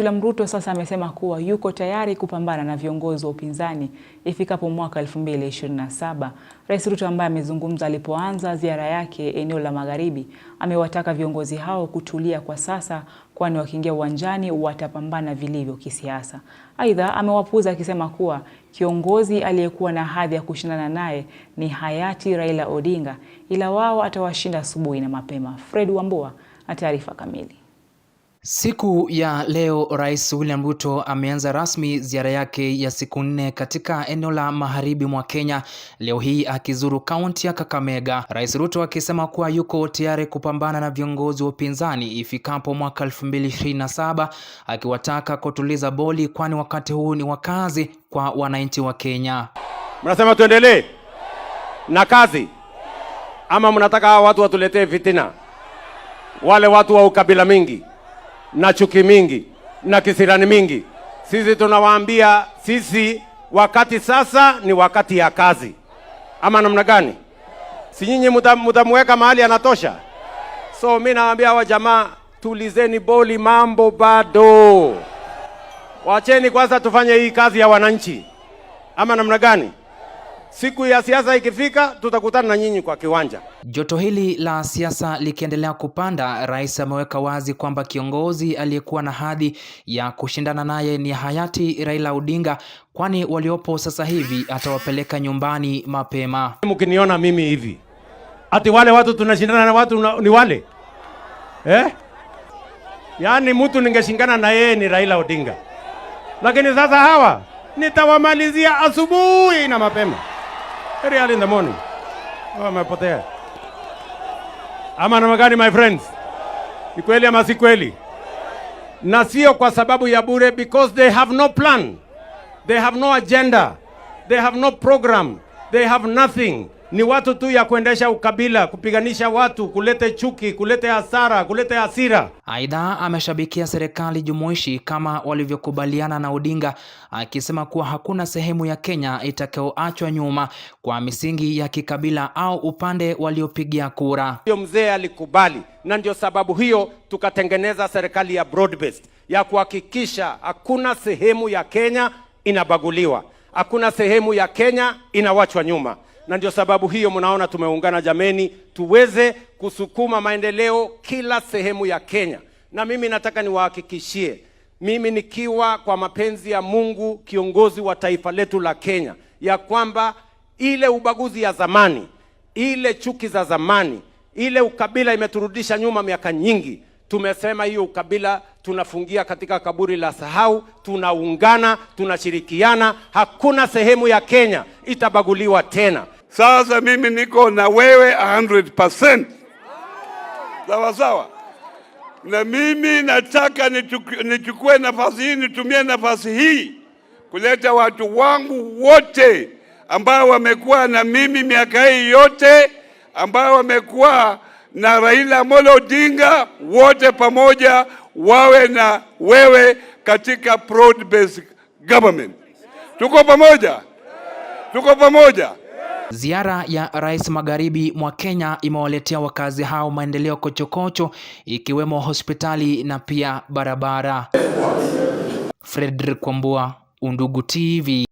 William Ruto sasa amesema kuwa yuko tayari kupambana na viongozi wa upinzani ifikapo mwaka 2027. Rais Ruto ambaye amezungumza alipoanza ziara yake eneo la Magharibi, amewataka viongozi hao kutulia kwa sasa kwani wakiingia uwanjani watapambana vilivyo kisiasa. Aidha, amewapuuza akisema kuwa kiongozi aliyekuwa na hadhi ya kushindana naye ni hayati Raila Odinga, ila wao atawashinda asubuhi na mapema. Fred Wambua na taarifa kamili. Siku ya leo Rais William Ruto ameanza rasmi ziara yake ya siku nne katika eneo la magharibi mwa Kenya, leo hii akizuru kaunti ya Kakamega. Rais Ruto akisema kuwa yuko tayari kupambana na viongozi wa upinzani ifikapo mwaka 2027 akiwataka kutuliza boli, kwani wakati huu ni wa kazi kwa wananchi wa Kenya. Mnasema tuendelee na kazi ama mnataka hawa watu watuletee fitina, wale watu wa ukabila mingi? na chuki mingi na kisirani mingi. Sisi tunawaambia sisi, wakati sasa ni wakati ya kazi, ama namna gani? Si nyinyi mutamuweka mahali anatosha? So mi nawaambia hawa jamaa, tulizeni boli, mambo bado. Wacheni kwanza tufanye hii kazi ya wananchi, ama namna gani? Siku ya siasa ikifika, tutakutana na nyinyi kwa kiwanja. Joto hili la siasa likiendelea kupanda, rais ameweka wazi kwamba kiongozi aliyekuwa na hadhi ya kushindana naye ni hayati Raila Odinga, kwani waliopo sasa hivi atawapeleka nyumbani mapema. Mkiniona mimi hivi ati wale watu tunashindana na watu una, ni wale eh? Yaani mtu ningeshingana na yeye ni Raila Odinga, lakini sasa hawa nitawamalizia asubuhi na mapema very early in the morning. Oh, ama namna gani, my friends? Ni kweli ama si kweli? Na sio kwa sababu ya bure, because they have no plan, they have no agenda, they have no program, they have nothing ni watu tu ya kuendesha ukabila, kupiganisha watu, kulete chuki, kulete hasara, kulete hasira. Aidha, ameshabikia serikali jumuishi kama walivyokubaliana na Odinga, akisema kuwa hakuna sehemu ya Kenya itakayoachwa nyuma kwa misingi ya kikabila au upande waliopigia kura. Hiyo mzee alikubali, na ndio sababu hiyo tukatengeneza serikali ya broad based ya kuhakikisha hakuna sehemu ya Kenya inabaguliwa, hakuna sehemu ya Kenya inawachwa nyuma na ndio sababu hiyo mnaona tumeungana jameni, tuweze kusukuma maendeleo kila sehemu ya Kenya. Na mimi nataka niwahakikishie, mimi nikiwa kwa mapenzi ya Mungu kiongozi wa taifa letu la Kenya, ya kwamba ile ubaguzi ya zamani, ile chuki za zamani, ile ukabila imeturudisha nyuma miaka nyingi. Tumesema hiyo ukabila tunafungia katika kaburi la sahau. Tunaungana, tunashirikiana, hakuna sehemu ya Kenya itabaguliwa tena. Sasa mimi niko na wewe 100%. Sawa sawa, na mimi nataka nichukue nafasi hii, nitumie nafasi hii kuleta watu wangu wote ambao wamekuwa na mimi miaka hii yote, ambao wamekuwa na Raila Amolo Odinga, wote pamoja wawe na wewe katika broad based government. Tuko pamoja, tuko pamoja. Ziara ya rais magharibi mwa Kenya imewaletea wakazi hao maendeleo kochokocho ikiwemo hospitali na pia barabara. Fredrick Kwambua, Undugu TV.